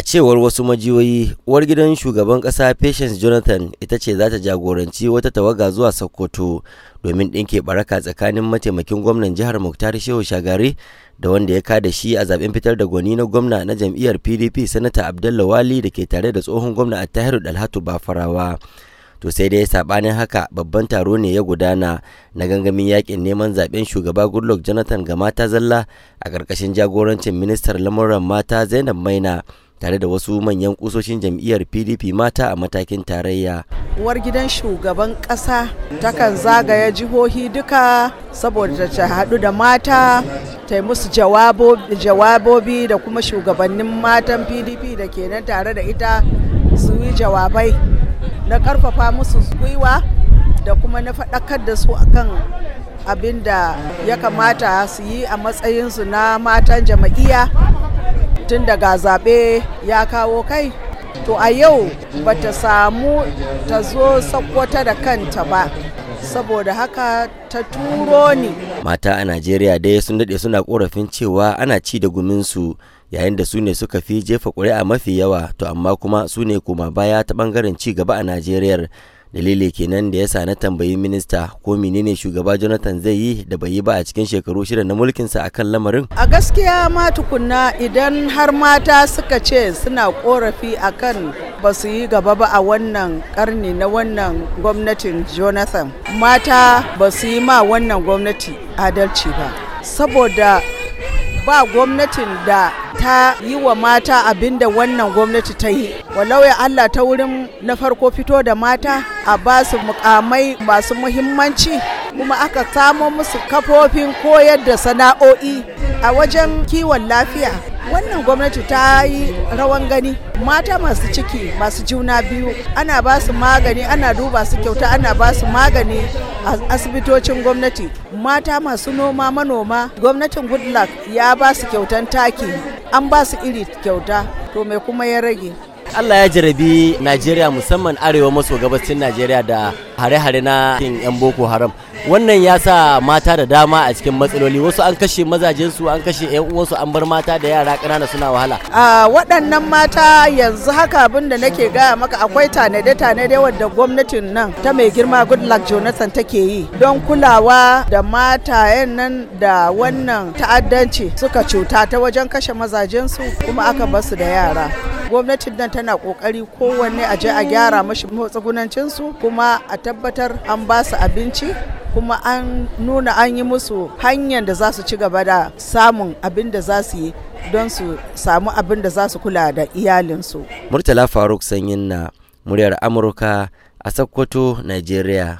a cewar wasu majiyoyi uwar gidan shugaban kasa patience jonathan ita ce za ta jagoranci wata tawaga zuwa sokoto domin ɗinke baraka tsakanin mataimakin gwamnan jihar muktar shehu shagari da wanda ya kada shi a zaben fitar da gwani na gwamna na jam'iyyar pdp sanata abdullah wali da ke tare da tsohon gwamna a attahiru dalhatu bafarawa to sai dai sabanin haka babban taro ne ya gudana na gangamin yakin neman zaben shugaba goodluck jonathan ga mata zalla a ƙarƙashin jagorancin ministar lamuran mata zainab maina tare da wasu manyan kusoshin jam'iyyar pdp mata a matakin tarayya uwar gidan shugaban ƙasa takan zagaya jihohi duka saboda ta haɗu da mata ta yi musu jawabobi da kuma shugabannin matan pdp da ke nan tare da ita su yi jawabai na ƙarfafa musu gwiwa da kuma na faɗakar da su akan abin da ya kamata su yi a matsayinsu na matan jama'iyya tun daga zaɓe ya kawo kai to a yau ba ta samu ta zo sakwata da kanta ba saboda haka ta turo ni mata a najeriya dai sun daɗe suna korafin cewa ana ci da guminsu yayin da su ne suka fi jefa ƙuri'a mafi yawa to amma kuma su ne koma baya ta ɓangaren ci gaba a najeriyar dalili kenan da yasa na tambayi minista ko menene shugaba jonathan zai yi da bai yi ba a cikin shekaru shida na mulkinsa akan lamarin a gaskiya ma tukunna idan har mata suka ce suna korafi akan ba su yi gaba ba a wannan karni na wannan gwamnatin jonathan mata ba su yi ma wannan gwamnati adalci ba saboda ba gwamnatin da ta yi wa mata abin da wannan gwamnati ta yi walau ya Allah ta wurin na farko fito da mata a ba su mukamai masu muhimmanci kuma aka samo musu kafofin koyar da sana'o'i a wajen kiwon lafiya wannan gwamnati ta yi rawan gani mata masu ciki masu juna biyu ana ba su magani ana duba su kyauta ana ba su magani a asibitocin gwamnati mata masu noma manoma gwamnatin goodluck ya ba su kyautan taki an ba su iri kyauta to mai kuma ya rage Allah ya jarabi Najeriya musamman arewa maso gabashin Najeriya da hare-hare na 'yan Boko Haram wannan ya sa mata da dama a cikin matsaloli wasu an kashe mazajensu an kashe 'yan uwansu an bar mata da yara ƙanana suna wahala a waɗannan mata yanzu haka abin da nake gaya maka akwai tanade-tanade wadda gwamnatin nan ta mai girma goodluck jonathan take yi don kulawa da mata nan da wannan ta'addanci suka cuta ta wajen kashe mazajensu kuma aka basu da yara gwamnatin nan tana kokari kowanne a je a gyara mashi matsugunancinsu kuma a tabbatar an ba su abinci kuma an nuna an yi musu hanyar da za su ci gaba da samun abin da za su yi don su samu abin da za su kula da iyalinsu. Murtala Faruk Sanyin na muryar Amurka a Sokoto, Nigeria.